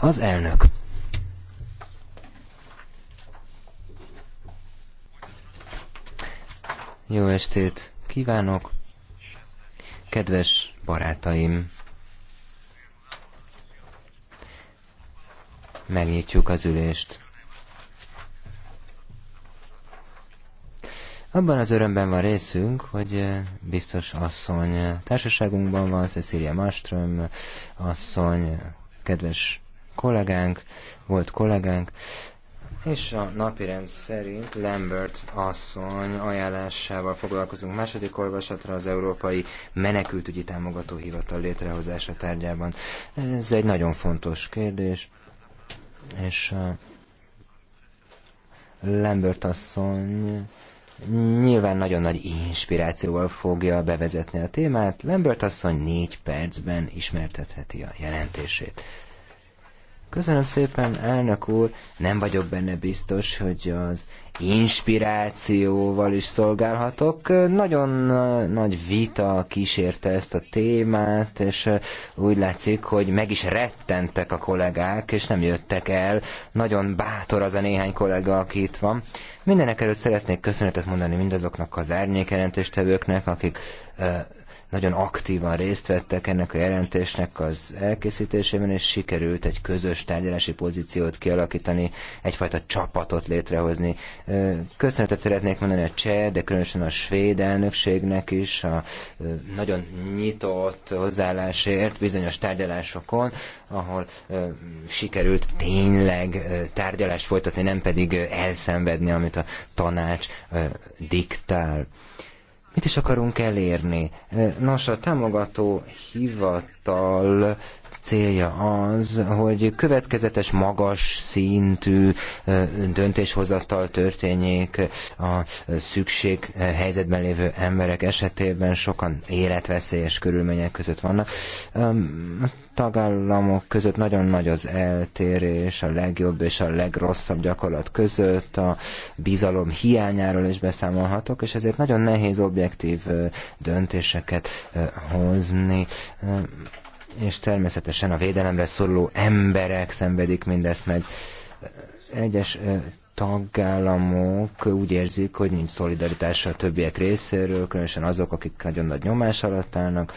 Az elnök. Jó estét kívánok, kedves barátaim! Megnyitjuk az ülést. Abban az örömben van részünk, hogy eh, biztos asszony eh, társaságunkban van, Cecilia Malmström eh, asszony, kedves kollégánk, volt kollégánk, és a napirend szerint Lambert asszony ajánlásával foglalkozunk második olvasatra az Európai Menekültügyi támogató hivatal létrehozása tárgyában. Ez egy nagyon fontos kérdés, és Lambert asszony nyilván nagyon nagy inspirációval fogja bevezetni a témát. Lambert asszony négy percben ismertetheti a jelentését. Köszönöm szépen, elnök úr. Nem vagyok benne biztos, hogy az inspirációval is szolgálhatok. Nagyon nagy vita kísérte ezt a témát, és úgy látszik, hogy meg is rettentek a kollégák, és nem jöttek el. Nagyon bátor az a néhány kollega, aki itt van. Mindenek előtt szeretnék köszönetet mondani mindazoknak az árnyékjelentéstevőknek, akik nagyon aktívan részt vettek ennek a jelentésnek az elkészítésében, és sikerült egy közös tárgyalási pozíciót kialakítani, egyfajta csapatot létrehozni. Köszönetet szeretnék mondani a cseh, de különösen a svéd elnökségnek is a nagyon nyitott hozzáállásért bizonyos tárgyalásokon, ahol sikerült tényleg tárgyalást folytatni, nem pedig elszenvedni, amit a tanács diktál. Mit is akarunk elérni? Nos, a támogató hivatal célja az, hogy következetes, magas szintű döntéshozattal történjék a szükség helyzetben lévő emberek esetében, sokan életveszélyes körülmények között vannak. tagállamok között nagyon nagy az eltérés, a legjobb és a legrosszabb gyakorlat között, a bizalom hiányáról is beszámolhatok, és ezért nagyon nehéz objektív döntéseket hozni és természetesen a védelemre szoruló emberek szenvedik mindezt meg. Egyes tagállamok úgy érzik, hogy nincs szolidaritása a többiek részéről, különösen azok, akik nagyon nagy nyomás alatt állnak,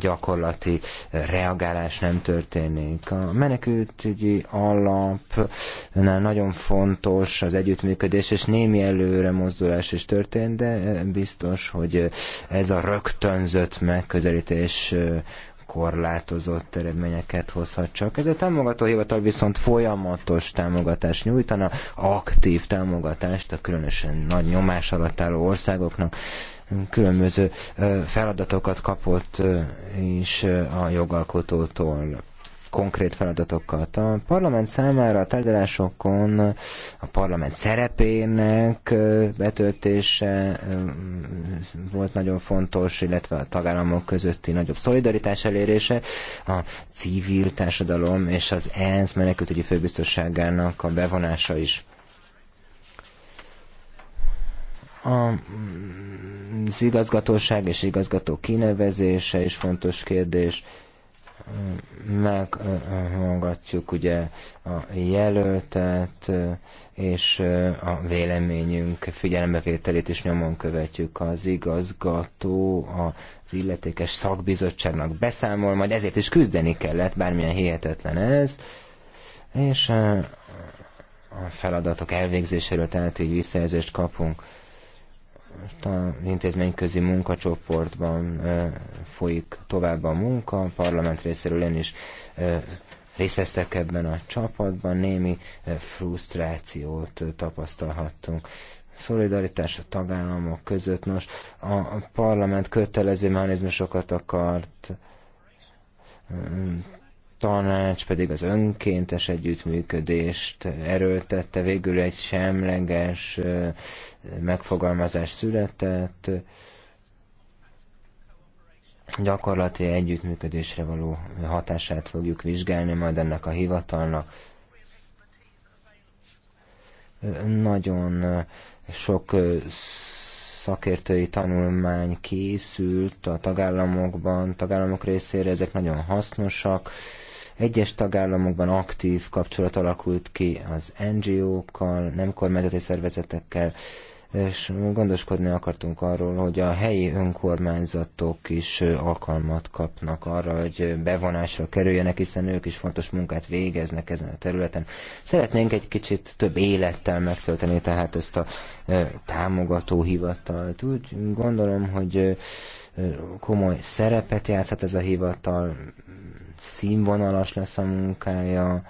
gyakorlati reagálás nem történik. A menekültügyi alap nagyon fontos az együttműködés, és némi előre mozdulás is történt, de biztos, hogy ez a rögtönzött megközelítés korlátozott eredményeket hozhat csak. Ez a támogató hivatal viszont folyamatos támogatást nyújtana, aktív támogatást a különösen nagy nyomás alatt álló országoknak különböző feladatokat kapott is a jogalkotótól konkrét feladatokat. A parlament számára a tárgyalásokon a parlament szerepének betöltése volt nagyon fontos, illetve a tagállamok közötti nagyobb szolidaritás elérése, a civil társadalom és az ENSZ menekültügyi főbiztosságának a bevonása is. az igazgatóság és igazgató kinevezése is fontos kérdés. Meghallgatjuk ugye a jelöltet, és a véleményünk figyelembevételét is nyomon követjük. Az igazgató az illetékes szakbizottságnak beszámol, majd ezért is küzdeni kellett, bármilyen hihetetlen ez. És eh, a feladatok elvégzéséről tehát így visszajelzést kapunk a intézményközi munkacsoportban folyik tovább a munka, a parlament részéről én is részt vesztek ebben a csapatban, némi frusztrációt tapasztalhattunk. Szolidaritás a tagállamok között. Nos, a parlament kötelező mechanizmusokat akart tanács pedig az önkéntes együttműködést erőltette, végül egy semleges megfogalmazás született, gyakorlati együttműködésre való hatását fogjuk vizsgálni majd ennek a hivatalnak. Nagyon sok szakértői tanulmány készült a tagállamokban, tagállamok részére, ezek nagyon hasznosak, egyes tagállamokban aktív kapcsolat alakult ki az NGO-kkal, nem kormányzati szervezetekkel, és gondoskodni akartunk arról, hogy a helyi önkormányzatok is alkalmat kapnak arra, hogy bevonásra kerüljenek, hiszen ők is fontos munkát végeznek ezen a területen. Szeretnénk egy kicsit több élettel megtölteni tehát ezt a e, támogató hivatalt. Úgy gondolom, hogy e, komoly szerepet játszhat ez a hivatal, színvonalas lesz a munkája,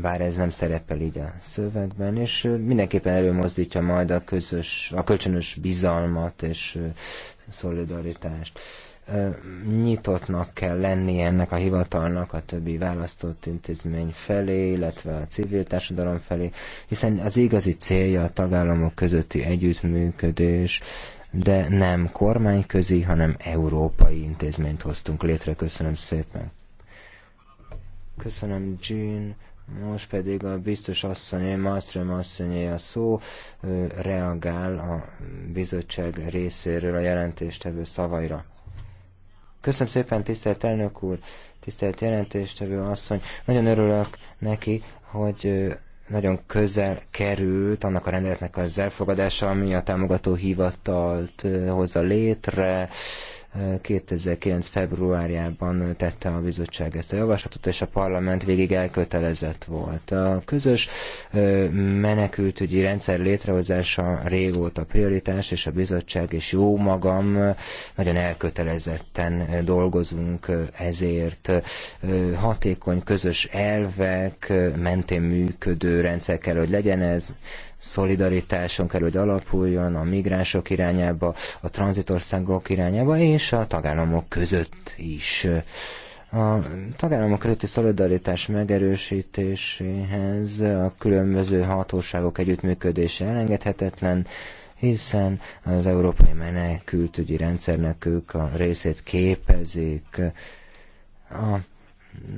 bár ez nem szerepel így a szövegben, és mindenképpen előmozdítja majd a közös, a kölcsönös bizalmat és szolidaritást. Nyitottnak kell lenni ennek a hivatalnak a többi választott intézmény felé, illetve a civil társadalom felé, hiszen az igazi célja a tagállamok közötti együttműködés, de nem kormányközi, hanem európai intézményt hoztunk létre. Köszönöm szépen. Köszönöm, Jean. Most pedig a biztos asszonyé, Malmström asszonyé a szó, reagál a bizottság részéről a jelentéstevő szavaira. Köszönöm szépen, tisztelt elnök úr, tisztelt jelentéstevő asszony. Nagyon örülök neki, hogy nagyon közel került annak a rendeletnek az elfogadása, ami a támogató hivatalt eh, hozza létre, 2009. februárjában tette a bizottság ezt a javaslatot, és a parlament végig elkötelezett volt. A közös menekültügyi rendszer létrehozása régóta prioritás, és a bizottság és jó magam nagyon elkötelezetten dolgozunk ezért. Hatékony közös elvek mentén működő rendszer kell, hogy legyen ez, szolidaritáson kell hogy alapuljon a migránsok irányába, a tranzitországok irányába és a tagállamok között is. A tagállamok közötti szolidaritás megerősítéséhez a különböző hatóságok együttműködése elengedhetetlen, hiszen az európai menekültügyi rendszernek ők a részét képezik. A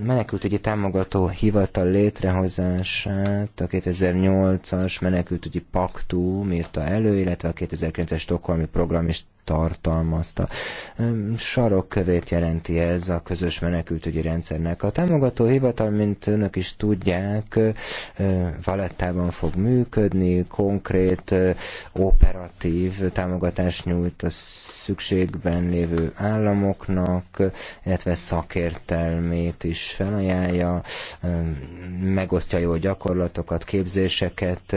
menekültügyi támogató hivatal létrehozását a 2008-as menekültügyi paktum írta elő, illetve a 2009-es Stockholmi program is tartalmazta. Sarokkövét jelenti ez a közös menekültügyi rendszernek. A támogató hivatal, mint önök is tudják, Valettában fog működni, konkrét operatív támogatást nyújt a szükségben lévő államoknak, illetve szakértelmét is felajánlja, megosztja jó gyakorlatokat, képzéseket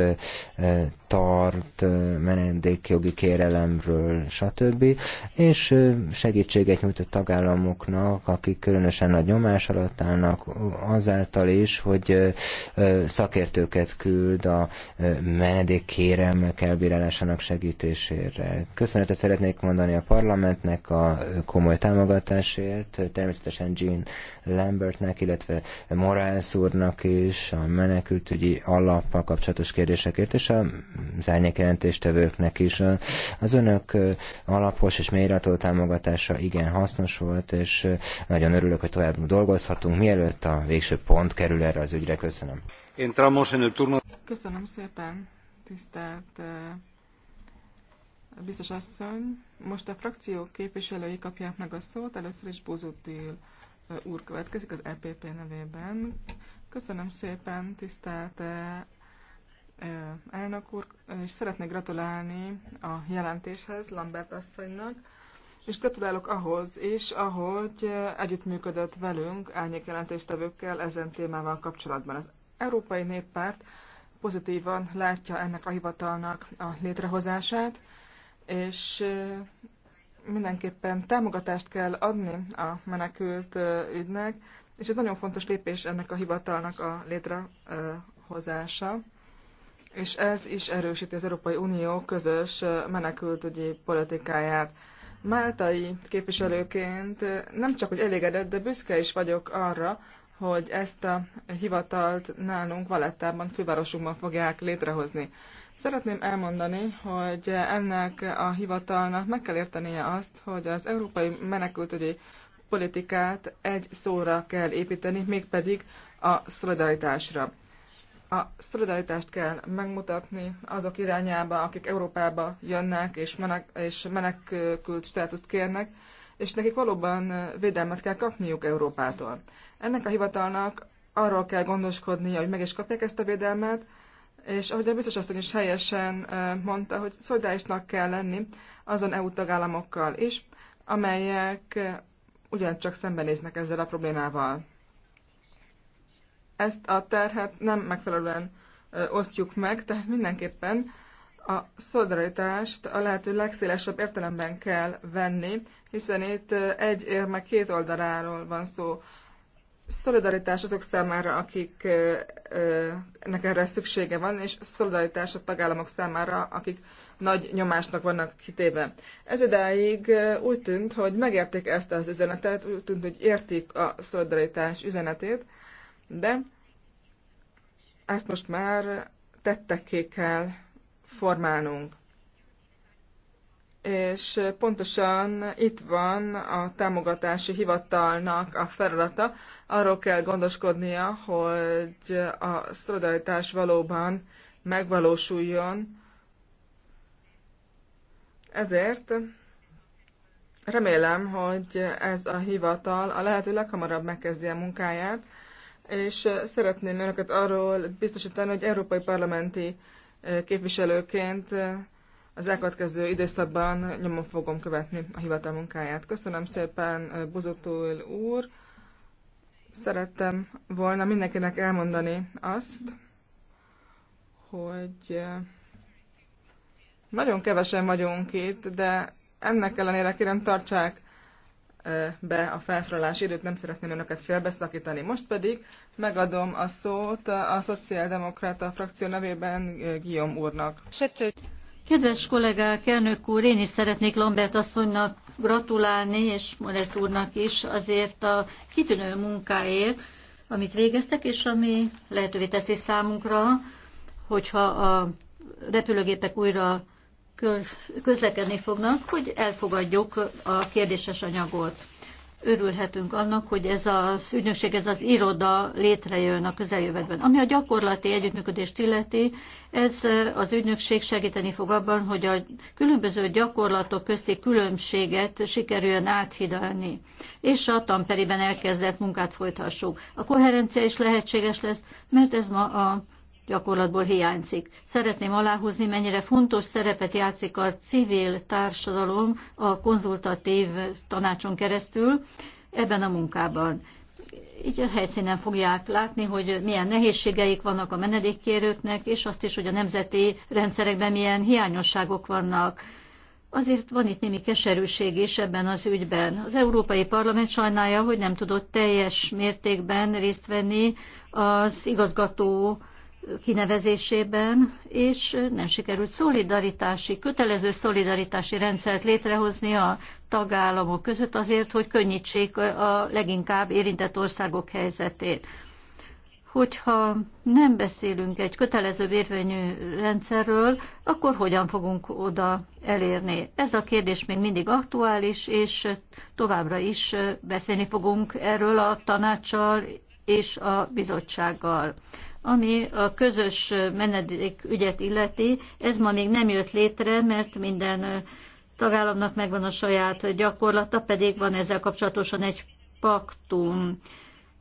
tart, menedékjogi kérelemről, stb. És segítséget nyújt a tagállamoknak, akik különösen nagy nyomás alatt állnak, azáltal is, hogy szakértőket küld a menedék elbírálásának segítésére. Köszönetet szeretnék mondani a parlamentnek a komoly támogatásért, természetesen Jean Lambertnek, illetve Morales úrnak is, a menekültügyi alappal kapcsolatos kérdésekért, és a az árnyékjelentéstevőknek is. Az önök alapos és mélyreható támogatása igen hasznos volt, és nagyon örülök, hogy tovább dolgozhatunk, mielőtt a végső pont kerül erre az ügyre. Köszönöm. Én Köszönöm szépen, tisztelt biztos asszony. Most a frakciók képviselői kapják meg a szót. Először is Bozutil úr következik az EPP nevében. Köszönöm szépen, tisztelt elnök úr, és szeretnék gratulálni a jelentéshez Lambert asszonynak, és gratulálok ahhoz is, ahogy együttműködött velünk elnyék jelentéstevőkkel ezen témával kapcsolatban. Az Európai Néppárt pozitívan látja ennek a hivatalnak a létrehozását, és mindenképpen támogatást kell adni a menekült ügynek, és ez nagyon fontos lépés ennek a hivatalnak a létrehozása és ez is erősíti az Európai Unió közös menekültügyi politikáját. Máltai képviselőként nem csak, hogy elégedett, de büszke is vagyok arra, hogy ezt a hivatalt nálunk Valettában, fővárosunkban fogják létrehozni. Szeretném elmondani, hogy ennek a hivatalnak meg kell értenie azt, hogy az európai menekültügyi politikát egy szóra kell építeni, mégpedig a szolidaritásra a szolidaritást kell megmutatni azok irányába, akik Európába jönnek és, menek, és menekült státuszt kérnek, és nekik valóban védelmet kell kapniuk Európától. Ennek a hivatalnak arról kell gondoskodnia, hogy meg is kapják ezt a védelmet, és ahogy a biztos asszony is helyesen mondta, hogy szolidárisnak kell lenni azon EU tagállamokkal is, amelyek ugyancsak szembenéznek ezzel a problémával ezt a terhet nem megfelelően osztjuk meg, tehát mindenképpen a szolidaritást a lehető legszélesebb értelemben kell venni, hiszen itt egy érme két oldaláról van szó. Szolidaritás azok számára, akiknek erre szüksége van, és szolidaritás a tagállamok számára, akik nagy nyomásnak vannak kitéve. Ez idáig úgy tűnt, hogy megérték ezt az üzenetet, úgy tűnt, hogy értik a szolidaritás üzenetét, de ezt most már tettekké kell formálnunk. És pontosan itt van a támogatási hivatalnak a feladata. Arról kell gondoskodnia, hogy a szolidaritás valóban megvalósuljon. Ezért remélem, hogy ez a hivatal a lehető leghamarabb megkezdi a munkáját, és szeretném önöket arról biztosítani, hogy európai parlamenti képviselőként az elkövetkező időszakban nyomon fogom követni a hivatal munkáját. Köszönöm szépen Buzotól úr. Szerettem volna mindenkinek elmondani azt, hogy nagyon kevesen vagyunk itt, de ennek ellenére kérem tartsák be a felszólalási időt, nem szeretném önöket félbeszakítani. Most pedig megadom a szót a Szociáldemokrata frakció nevében Guillaume úrnak. Kedves kollégák, elnök úr, én is szeretnék Lambert asszonynak gratulálni, és Moresz úrnak is azért a kitűnő munkáért, amit végeztek, és ami lehetővé teszi számunkra, hogyha a repülőgépek újra közlekedni fognak, hogy elfogadjuk a kérdéses anyagot. Örülhetünk annak, hogy ez az ügynökség, ez az iroda létrejön a közeljövőben. Ami a gyakorlati együttműködést illeti, ez az ügynökség segíteni fog abban, hogy a különböző gyakorlatok közti különbséget sikerüljön áthidalni, és a tamperiben elkezdett munkát folytassuk. A koherencia is lehetséges lesz, mert ez ma a gyakorlatból hiányzik. Szeretném aláhúzni, mennyire fontos szerepet játszik a civil társadalom a konzultatív tanácson keresztül ebben a munkában. Így a helyszínen fogják látni, hogy milyen nehézségeik vannak a menedékkérőknek, és azt is, hogy a nemzeti rendszerekben milyen hiányosságok vannak. Azért van itt némi keserűség is ebben az ügyben. Az Európai Parlament sajnálja, hogy nem tudott teljes mértékben részt venni az igazgató kinevezésében, és nem sikerült szolidaritási, kötelező szolidaritási rendszert létrehozni a tagállamok között azért, hogy könnyítsék a leginkább érintett országok helyzetét. Hogyha nem beszélünk egy kötelező érvényű rendszerről, akkor hogyan fogunk oda elérni? Ez a kérdés még mindig aktuális, és továbbra is beszélni fogunk erről a tanácssal és a bizottsággal. Ami a közös ügyet illeti, ez ma még nem jött létre, mert minden tagállamnak megvan a saját gyakorlata, pedig van ezzel kapcsolatosan egy paktum.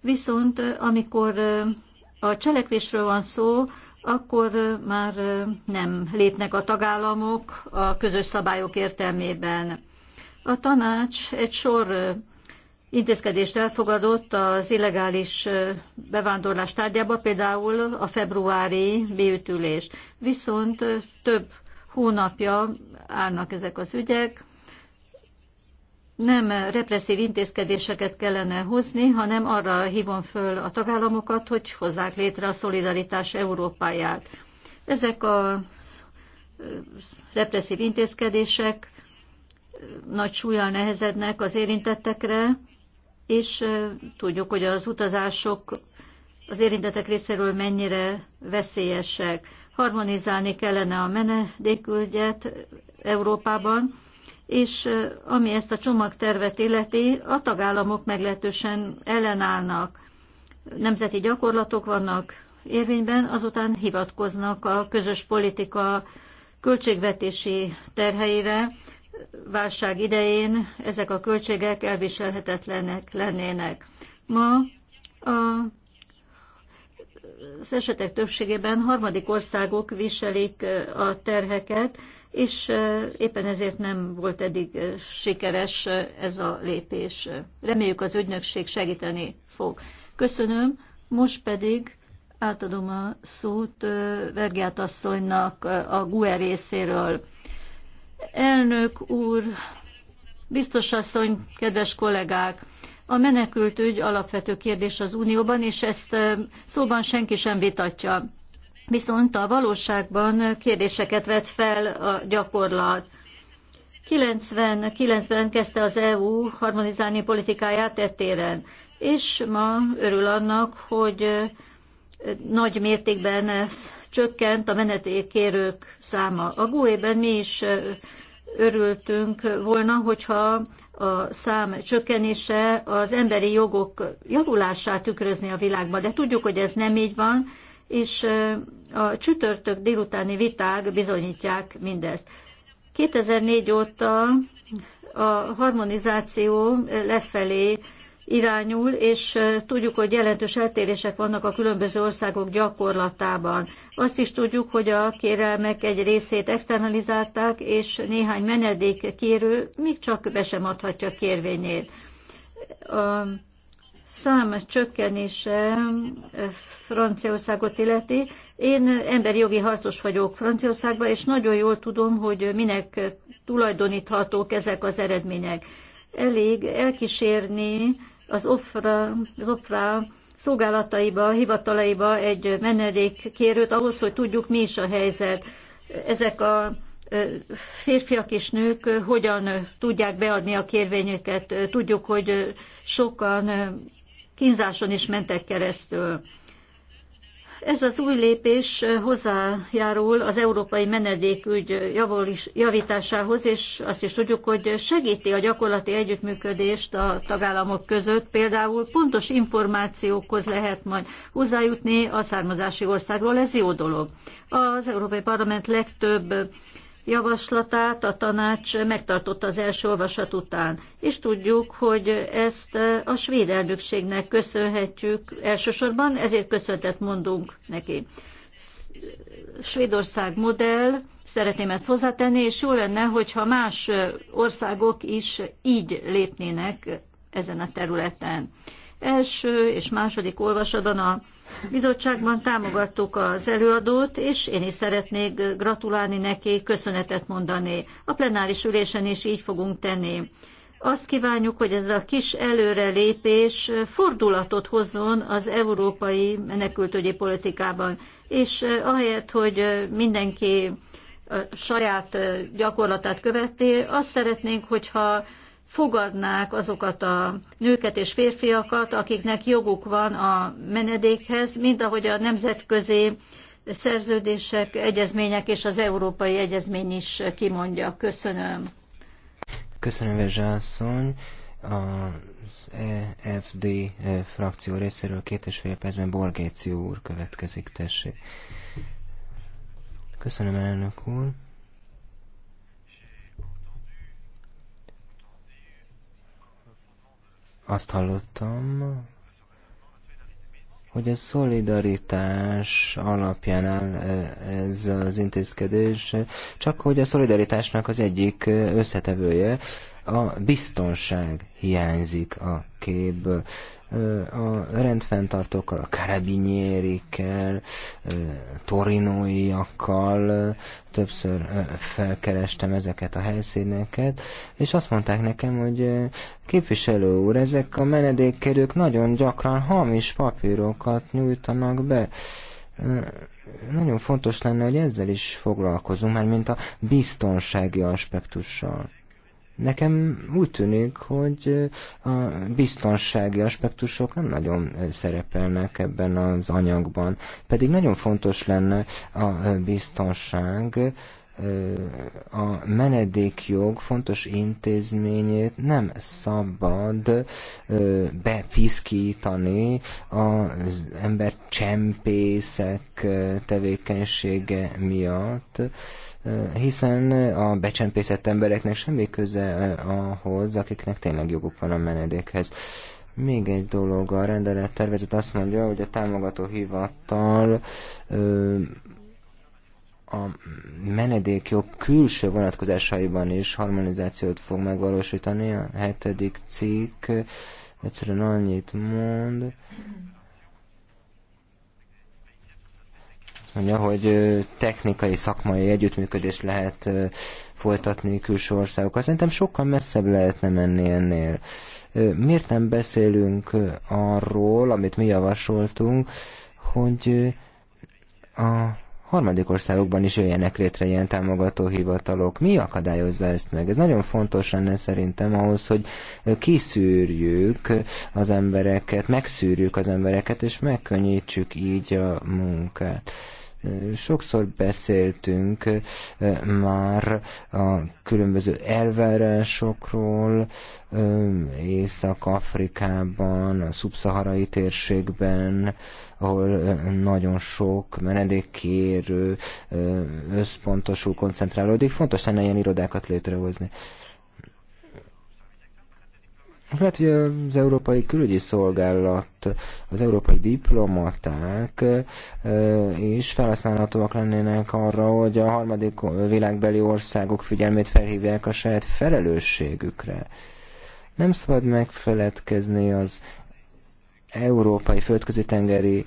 Viszont amikor a cselekvésről van szó, akkor már nem lépnek a tagállamok a közös szabályok értelmében. A tanács egy sor intézkedést elfogadott az illegális bevándorlás tárgyába, például a februári beütülés. Viszont több hónapja állnak ezek az ügyek, nem represszív intézkedéseket kellene hozni, hanem arra hívom föl a tagállamokat, hogy hozzák létre a szolidaritás Európáját. Ezek a represszív intézkedések nagy súlyal nehezednek az érintettekre, és tudjuk, hogy az utazások az érintetek részéről mennyire veszélyesek. Harmonizálni kellene a menedékügyet Európában, és ami ezt a csomagtervet illeti, a tagállamok meglehetősen ellenállnak. Nemzeti gyakorlatok vannak érvényben, azután hivatkoznak a közös politika költségvetési terheire, válság idején ezek a költségek elviselhetetlenek lennének. Ma a, az esetek többségében harmadik országok viselik a terheket, és éppen ezért nem volt eddig sikeres ez a lépés. Reméljük az ügynökség segíteni fog. Köszönöm, most pedig átadom a szót Vergiát asszonynak a GUE részéről. Elnök úr, biztos asszony, kedves kollégák! A menekült ügy alapvető kérdés az Unióban, és ezt szóban senki sem vitatja. Viszont a valóságban kérdéseket vet fel a gyakorlat. 99-ben kezdte az EU harmonizálni politikáját tettéren és ma örül annak, hogy nagy mértékben csökkent a menetékkérők száma. A GUE-ben mi is örültünk volna, hogyha a szám csökkenése az emberi jogok javulását tükrözni a világban, de tudjuk, hogy ez nem így van, és a csütörtök délutáni viták bizonyítják mindezt. 2004 óta a harmonizáció lefelé irányul, és tudjuk, hogy jelentős eltérések vannak a különböző országok gyakorlatában. Azt is tudjuk, hogy a kérelmek egy részét externalizálták, és néhány menedék kérő még csak be sem adhatja kérvényét. A szám csökkenése Franciaországot illeti. Én emberi jogi harcos vagyok Franciaországban, és nagyon jól tudom, hogy minek tulajdoníthatók ezek az eredmények elég elkísérni az OFRA, az OFRA szolgálataiba, hivatalaiba egy menedékkérőt ahhoz, hogy tudjuk, mi is a helyzet. Ezek a férfiak és nők hogyan tudják beadni a kérvényüket. Tudjuk, hogy sokan kínzáson is mentek keresztül. Ez az új lépés hozzájárul az európai menedékügy javításához, és azt is tudjuk, hogy segíti a gyakorlati együttműködést a tagállamok között. Például pontos információkhoz lehet majd hozzájutni a származási országról, ez jó dolog. Az Európai Parlament legtöbb javaslatát a tanács megtartotta az első olvasat után. És tudjuk, hogy ezt a svéd elnökségnek köszönhetjük elsősorban, ezért köszöntet mondunk neki. Svédország modell, szeretném ezt hozzátenni, és jó lenne, hogyha más országok is így lépnének ezen a területen. Első és második olvasatban a bizottságban támogattuk az előadót, és én is szeretnék gratulálni neki, köszönetet mondani. A plenáris ülésen is így fogunk tenni. Azt kívánjuk, hogy ez a kis előrelépés fordulatot hozzon az európai menekültügyi politikában, és ahelyett, hogy mindenki saját gyakorlatát követi, azt szeretnénk, hogyha fogadnák azokat a nőket és férfiakat, akiknek joguk van a menedékhez, mint ahogy a nemzetközi szerződések, egyezmények és az európai egyezmény is kimondja. Köszönöm. Köszönöm, Vezsa asszony. Az EFD frakció részéről két és fél percben Borgéci úr következik, tessék. Köszönöm, elnök úr. azt hallottam, hogy a szolidaritás alapján áll e, ez az intézkedés, csak hogy a szolidaritásnak az egyik összetevője, a biztonság hiányzik a képből a rendfenntartókkal, a karabinyérikkel, torinóiakkal, többször felkerestem ezeket a helyszíneket, és azt mondták nekem, hogy képviselő úr, ezek a menedékkerők nagyon gyakran hamis papírokat nyújtanak be nagyon fontos lenne, hogy ezzel is foglalkozunk, mert mint a biztonsági aspektussal. Nekem úgy tűnik, hogy a biztonsági aspektusok nem nagyon szerepelnek ebben az anyagban, pedig nagyon fontos lenne a biztonság, a menedékjog fontos intézményét nem szabad bepiszkítani az ember csempészek tevékenysége miatt, hiszen a becsempészett embereknek semmi köze ahhoz, akiknek tényleg joguk van a menedékhez. Még egy dolog, a rendelet tervezet azt mondja, hogy a támogató hivatal a menedékjog külső vonatkozásaiban is harmonizációt fog megvalósítani. A hetedik cikk egyszerűen annyit mond, mondja, hogy technikai, szakmai együttműködés lehet folytatni külső országokkal. Szerintem sokkal messzebb lehetne menni ennél. Miért nem beszélünk arról, amit mi javasoltunk, hogy a harmadik országokban is jöjjenek létre ilyen támogató hivatalok. Mi akadályozza ezt meg? Ez nagyon fontos lenne szerintem ahhoz, hogy kiszűrjük az embereket, megszűrjük az embereket, és megkönnyítsük így a munkát. Sokszor beszéltünk eh, már a különböző elvárásokról eh, Észak-Afrikában, a szubszaharai térségben, ahol eh, nagyon sok menedékkérő összpontosul, koncentrálódik. Fontos lenne ilyen irodákat létrehozni. Lehet, hogy az Európai Külügyi Szolgálat, az európai diplomaták is felhasználhatóak lennének arra, hogy a harmadik világbeli országok figyelmét felhívják a saját felelősségükre. Nem szabad megfeledkezni az európai földközi-tengeri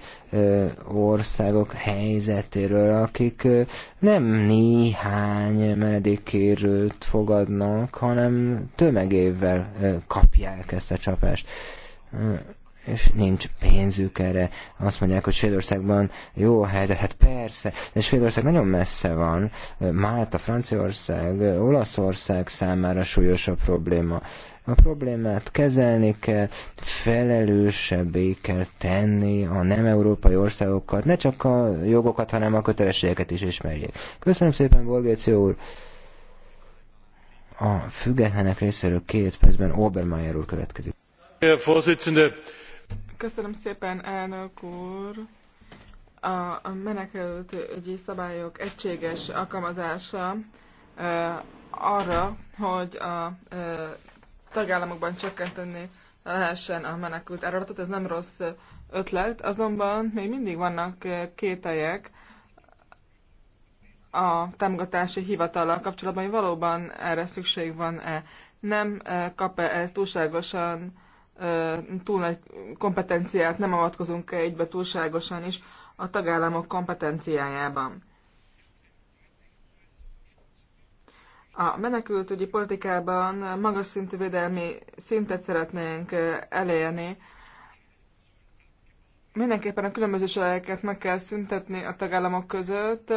országok helyzetéről, akik nem néhány menedékkérőt fogadnak, hanem ö, kapják ezt a csapást és nincs pénzük erre. Azt mondják, hogy Svédországban jó a helyzet, hát persze, de Svédország nagyon messze van. Málta, Franciaország, Olaszország számára súlyosabb probléma. A problémát kezelni kell, felelősebbé kell tenni a nem európai országokat, ne csak a jogokat, hanem a kötelességeket is ismerjék. Köszönöm szépen, Borgéció úr! A függetlenek részéről két percben Obermeyer úr következik. Köszönöm szépen, elnök úr! a menekült ügyi szabályok egységes alkalmazása arra, hogy a tagállamokban csökkenteni lehessen a menekült áradatot. Ez nem rossz ötlet, azonban még mindig vannak kételjek a támogatási hivatallal kapcsolatban, hogy valóban erre szükség van-e. Nem kap-e ez túlságosan túl nagy kompetenciát, nem avatkozunk -e egybe túlságosan is a tagállamok kompetenciájában. A menekültügyi politikában magas szintű védelmi szintet szeretnénk elérni. Mindenképpen a különbözőségeket meg kell szüntetni a tagállamok között.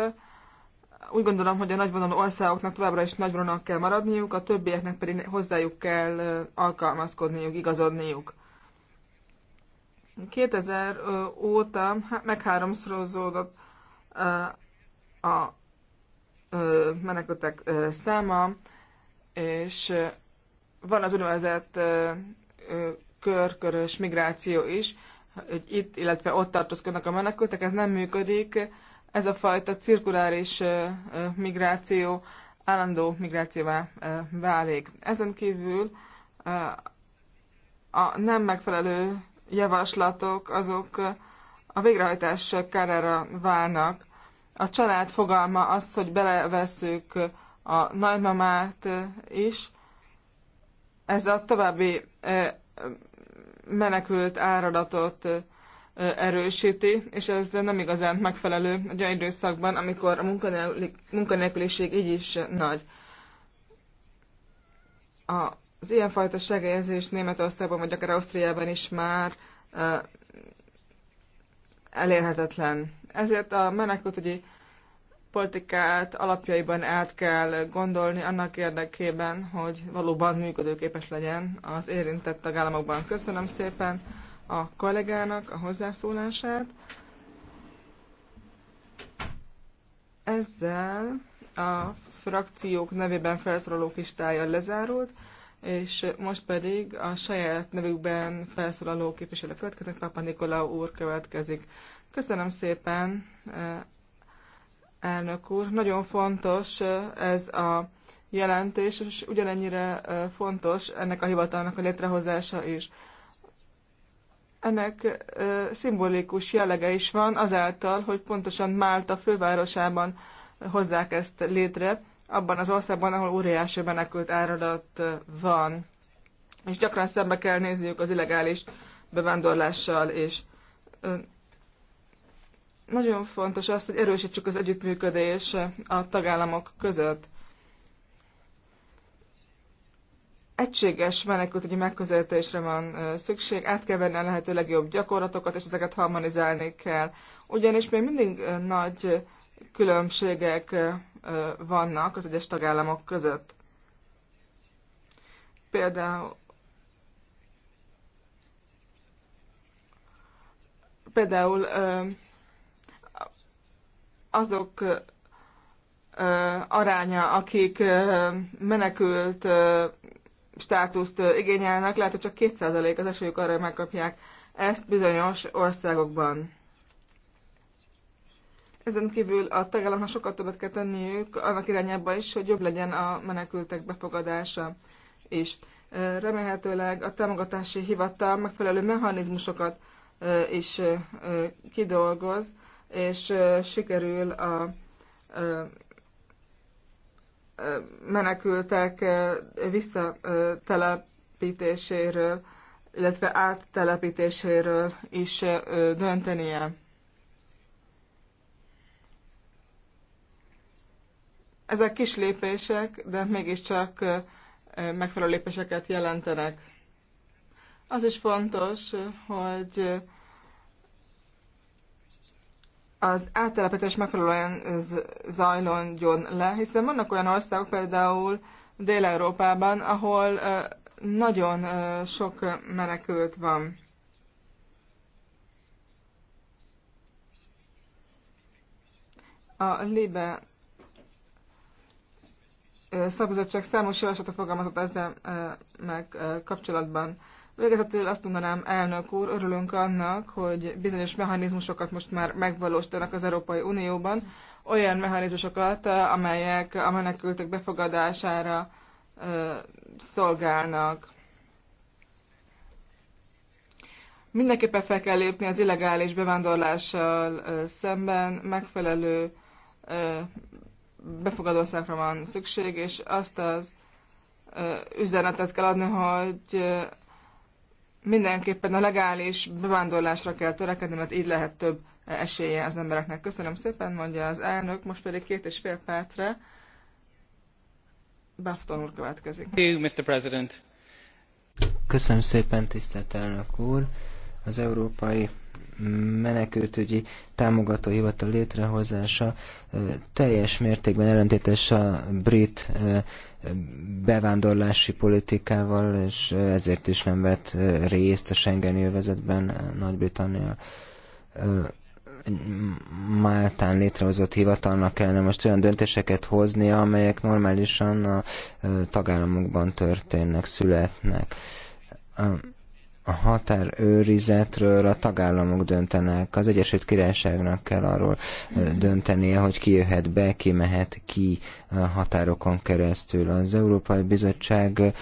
Úgy gondolom, hogy a nagyvonalú országoknak továbbra is nagyvonalnak kell maradniuk, a többieknek pedig hozzájuk kell alkalmazkodniuk, igazodniuk. 2000 óta hát megháromszorozódott a menekültek száma, és van az úgynevezett körkörös migráció is, hogy itt, illetve ott tartózkodnak a menekültek, ez nem működik. Ez a fajta cirkuláris migráció állandó migrációvá válik. Ezen kívül a nem megfelelő javaslatok azok a végrehajtás kárára válnak. A család fogalma az, hogy belevesszük a nagymamát eh, is. Ez a további eh, menekült áradatot eh, erősíti, és ez nem igazán megfelelő egy olyan időszakban, amikor a munkanélküliség így is nagy. Az ilyenfajta segélyezés Németországban vagy akár Ausztriában is már elérhetetlen. Ezért a menekültügyi politikát alapjaiban át kell gondolni annak érdekében, hogy valóban működőképes legyen az érintett tagállamokban. Köszönöm szépen a kollégának a hozzászólását. Ezzel a frakciók nevében felszólalók listája lezárult, és most pedig a saját nevükben felszólaló képviselő következnek, Papa Nikola úr következik. Köszönöm szépen, eh, elnök úr. Nagyon fontos eh, ez a jelentés, és ugyanennyire eh, fontos ennek a hivatalnak a létrehozása is. Ennek szimbolikus jellege is van azáltal, hogy pontosan Málta fővárosában hozzák ezt létre, abban az országban, ahol óriási menekült áradat van. És gyakran szembe kell nézniük az illegális bevándorlással, és nagyon fontos az, hogy erősítsük az együttműködés a tagállamok között. Egységes menekültügyi megközelítésre van szükség, át kell venni a lehető legjobb gyakorlatokat, és ezeket harmonizálni kell. Ugyanis még mindig nagy különbségek vannak az egyes tagállamok között. Például például azok aránya, akik menekült státuszt igényelnek, lehet, hogy csak 2% az esélyük arra, hogy megkapják ezt bizonyos országokban. Ezen kívül a tagállamnak sokkal többet kell tenniük annak irányába is, hogy jobb legyen a menekültek befogadása is. Remélhetőleg a támogatási hivatal megfelelő mechanizmusokat is kidolgoz, és sikerül a menekültek visszatelepítéséről, illetve áttelepítéséről is döntenie. Ezek kis lépések, de mégiscsak megfelelő lépéseket jelentenek. Az is fontos, hogy az áttelepítés megfelelően zajlondjon le, hiszen vannak olyan országok, például Dél-Európában, ahol nagyon sok menekült van. A Libe szakbizottság számos javaslatot fogalmazott ezzel meg kapcsolatban. Végezetül azt mondanám, elnök úr, örülünk annak, hogy bizonyos mechanizmusokat most már megvalósítanak az Európai Unióban, olyan mechanizmusokat, eh, amelyek a menekültek befogadására ö, eh, szolgálnak. Mindenképpen fel kell lépni az illegális bevándorlással ö, eh, szemben, megfelelő ö, befogadószákra van szükség, és azt az üzenetet kell adni, hogy mindenképpen a legális bevándorlásra kell törekedni, mert így lehet több esélye az embereknek. Köszönöm szépen, mondja az elnök, most pedig két és fél percre. Bafton úr következik. Mr. President. Köszönöm szépen, tisztelt elnök úr. Az Európai menekültügyi támogató hivatal létrehozása teljes mértékben ellentétes a brit bevándorlási politikával, és ezért is nem vett részt a Schengen élvezetben Nagy-Britannia. Máltán létrehozott hivatalnak kellene most olyan döntéseket hozni, amelyek normálisan a tagállamokban történnek, születnek a határőrizetről a tagállamok döntenek. Az Egyesült Királyságnak kell arról döntenie, hogy ki jöhet be, ki mehet ki a határokon keresztül. Az Európai Bizottság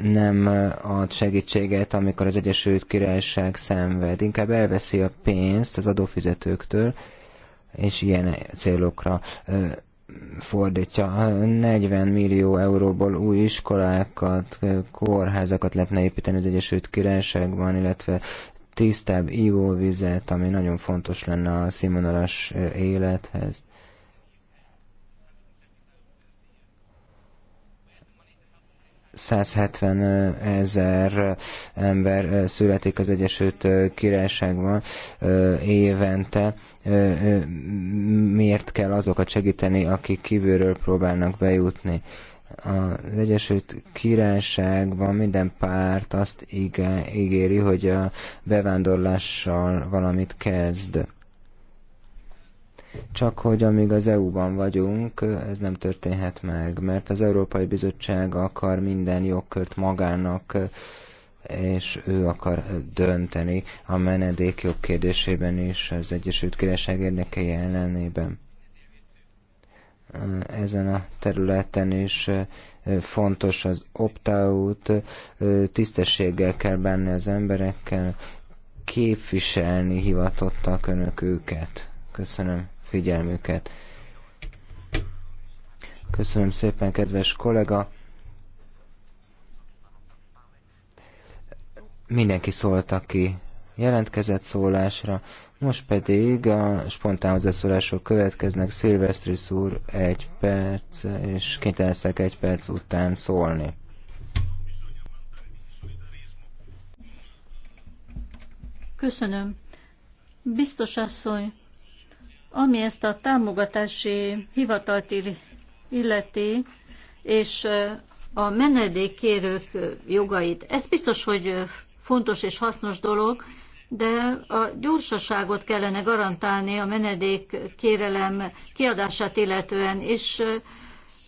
nem ad segítséget, amikor az Egyesült Királyság szenved. Inkább elveszi a pénzt az adófizetőktől, és ilyen célokra fordítja. 40 millió euróból új iskolákat, kórházakat lehetne építeni az Egyesült Királyságban, illetve tisztább ivóvizet, ami nagyon fontos lenne a színvonalas élethez. 170 ezer ember születik az Egyesült Királyságban évente. Miért kell azokat segíteni, akik kívülről próbálnak bejutni? az Egyesült Királyságban minden párt azt ígéri, hogy a bevándorlással valamit kezd csak hogy amíg az EU-ban vagyunk, ez nem történhet meg, mert az Európai Bizottság akar minden jogkört magának, és ő akar dönteni a menedék jog kérdésében is az Egyesült Királyság érdekei ellenében. Ezen a területen is fontos az opt-out, tisztességgel kell bánni az emberekkel, képviselni hivatottak önök őket. Köszönöm figyelmüket. Köszönöm szépen, kedves kollega! Mindenki szólt, aki jelentkezett szólásra, most pedig a spontán hozzászólások következnek. Szilvesztris úr egy perc, és kénytelen egy perc után szólni. Köszönöm. Biztos asszony, ami ezt a támogatási hivatalt illeti, és a menedékkérők jogait. Ez biztos, hogy fontos és hasznos dolog, de a gyorsaságot kellene garantálni a menedékkérelem kiadását illetően, és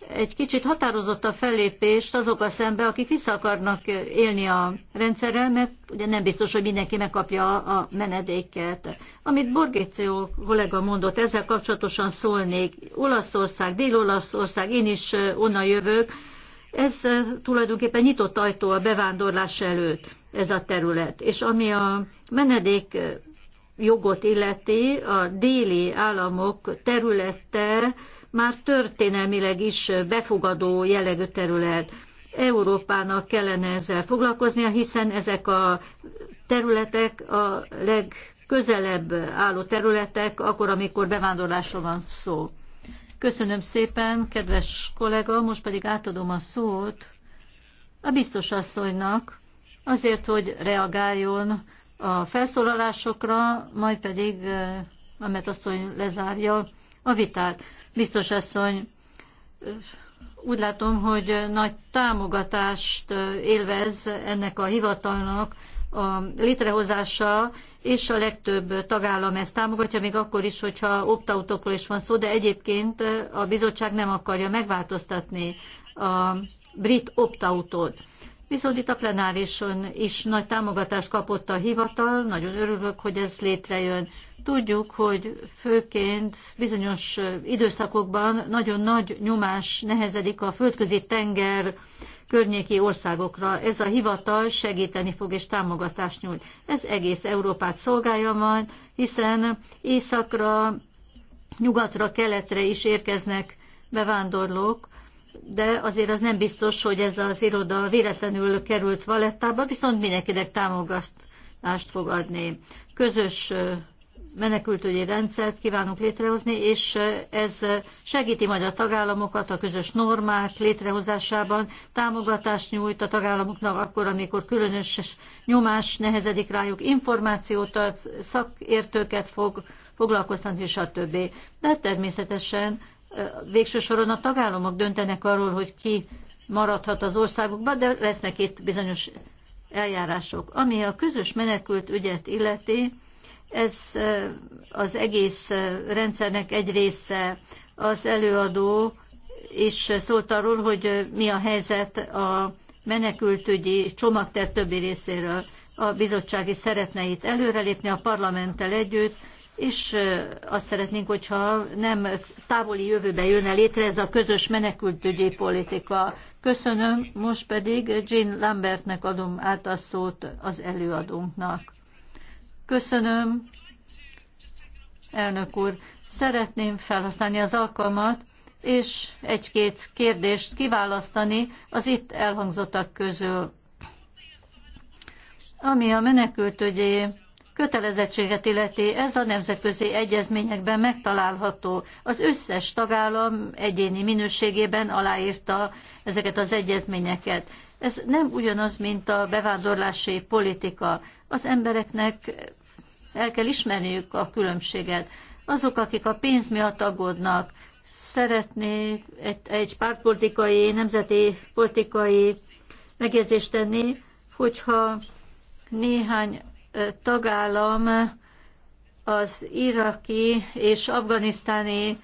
egy kicsit határozott a fellépést a szembe, akik vissza akarnak élni a rendszerrel, mert ugye nem biztos, hogy mindenki megkapja a menedéket. Amit Borgéció kollega mondott, ezzel kapcsolatosan szólnék. Olaszország, Dél-Olaszország, én is onnan jövök, ez tulajdonképpen nyitott ajtó a bevándorlás előtt, ez a terület. És ami a menedék jogot illeti, a déli államok területe, már történelmileg is befogadó jellegű terület. Európának kellene ezzel foglalkoznia, hiszen ezek a területek a legközelebb álló területek, akkor, amikor bevándorlásról van szó. Köszönöm szépen, kedves kollega, most pedig átadom a szót a biztos asszonynak, azért, hogy reagáljon a felszólalásokra, majd pedig eh, amit asszony lezárja a vitát. Biztos asszony, úgy látom, hogy nagy támogatást élvez ennek a hivatalnak a létrehozása, és a legtöbb tagállam ezt támogatja, még akkor is, hogyha optautokról is van szó, de egyébként a bizottság nem akarja megváltoztatni a brit optautót. Viszont itt a plenárison is nagy támogatást kapott a hivatal, nagyon örülök, hogy ez létrejön. Tudjuk, hogy főként bizonyos időszakokban nagyon nagy nyomás nehezedik a földközi tenger környéki országokra. Ez a hivatal segíteni fog és támogatást nyújt. Ez egész Európát szolgálja majd, hiszen északra, nyugatra, keletre is érkeznek bevándorlók, de azért az nem biztos, hogy ez az iroda véletlenül került Valettába, viszont mindenkinek támogatást fog adni. Közös menekültügyi rendszert kívánunk létrehozni, és ez segíti majd a tagállamokat a közös normák létrehozásában, támogatást nyújt a tagállamoknak akkor, amikor különös nyomás nehezedik rájuk, információt ad, szakértőket fog foglalkoztatni, stb. De természetesen végső soron a tagállamok döntenek arról, hogy ki maradhat az országokban, de lesznek itt bizonyos eljárások. Ami a közös menekült ügyet illeti, ez az egész rendszernek egy része. Az előadó és szólt arról, hogy mi a helyzet a menekültügyi csomagter többi részéről. A bizottság is szeretne itt előrelépni a parlamenttel együtt, és azt szeretnénk, hogyha nem távoli jövőben jönne létre ez a közös menekültügyi politika. Köszönöm, most pedig Jean Lambertnek adom át a szót az előadónknak. Köszönöm, elnök úr. Szeretném felhasználni az alkalmat, és egy-két kérdést kiválasztani az itt elhangzottak közül. Ami a menekültügyi kötelezettséget illeti, ez a nemzetközi egyezményekben megtalálható. Az összes tagállam egyéni minőségében aláírta ezeket az egyezményeket. Ez nem ugyanaz, mint a bevándorlási politika. Az embereknek el kell ismerniük a különbséget. Azok, akik a pénz miatt aggódnak, szeretnék egy, egy pártpolitikai, nemzeti politikai megjegyzést tenni, hogyha néhány tagállam az iraki és afganisztáni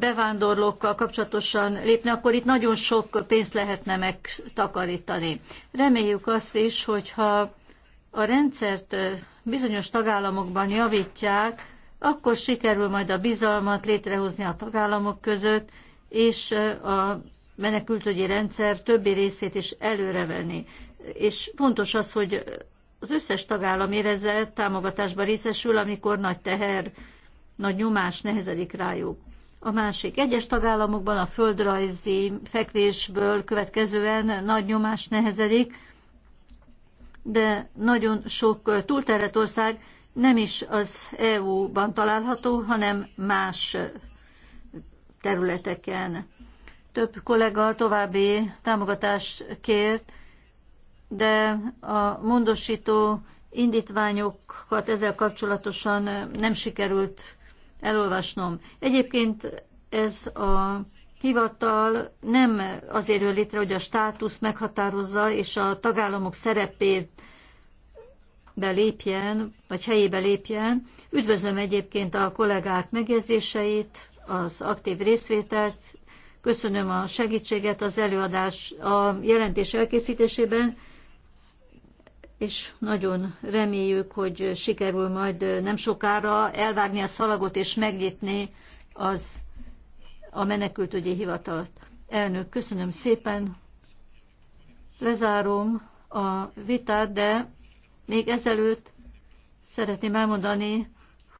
bevándorlókkal kapcsolatosan lépne, akkor itt nagyon sok pénzt lehetne megtakarítani. Reméljük azt is, hogyha a rendszert bizonyos tagállamokban javítják, akkor sikerül majd a bizalmat létrehozni a tagállamok között, és a menekültögyi rendszer többi részét is előrevenni. És fontos az, hogy az összes tagállam érezze támogatásba részesül, amikor nagy teher, nagy nyomás nehezedik rájuk. A másik. Egyes tagállamokban a földrajzi fekvésből következően nagy nyomás nehezedik, de nagyon sok túlterett ország nem is az EU-ban található, hanem más területeken. Több kollega további támogatást kért, de a mondosító indítványokat ezzel kapcsolatosan nem sikerült elolvasnom. Egyébként ez a hivatal nem azért jön létre, hogy a státusz meghatározza, és a tagállamok szerepé belépjen, vagy helyébe lépjen. Üdvözlöm egyébként a kollégák megjegyzéseit, az aktív részvételt, köszönöm a segítséget az előadás a jelentés elkészítésében, és nagyon reméljük, hogy sikerül majd nem sokára elvágni a szalagot és megnyitni az a menekültügyi hivatalt. Elnök, köszönöm szépen. Lezárom a vitát, de még ezelőtt szeretném elmondani,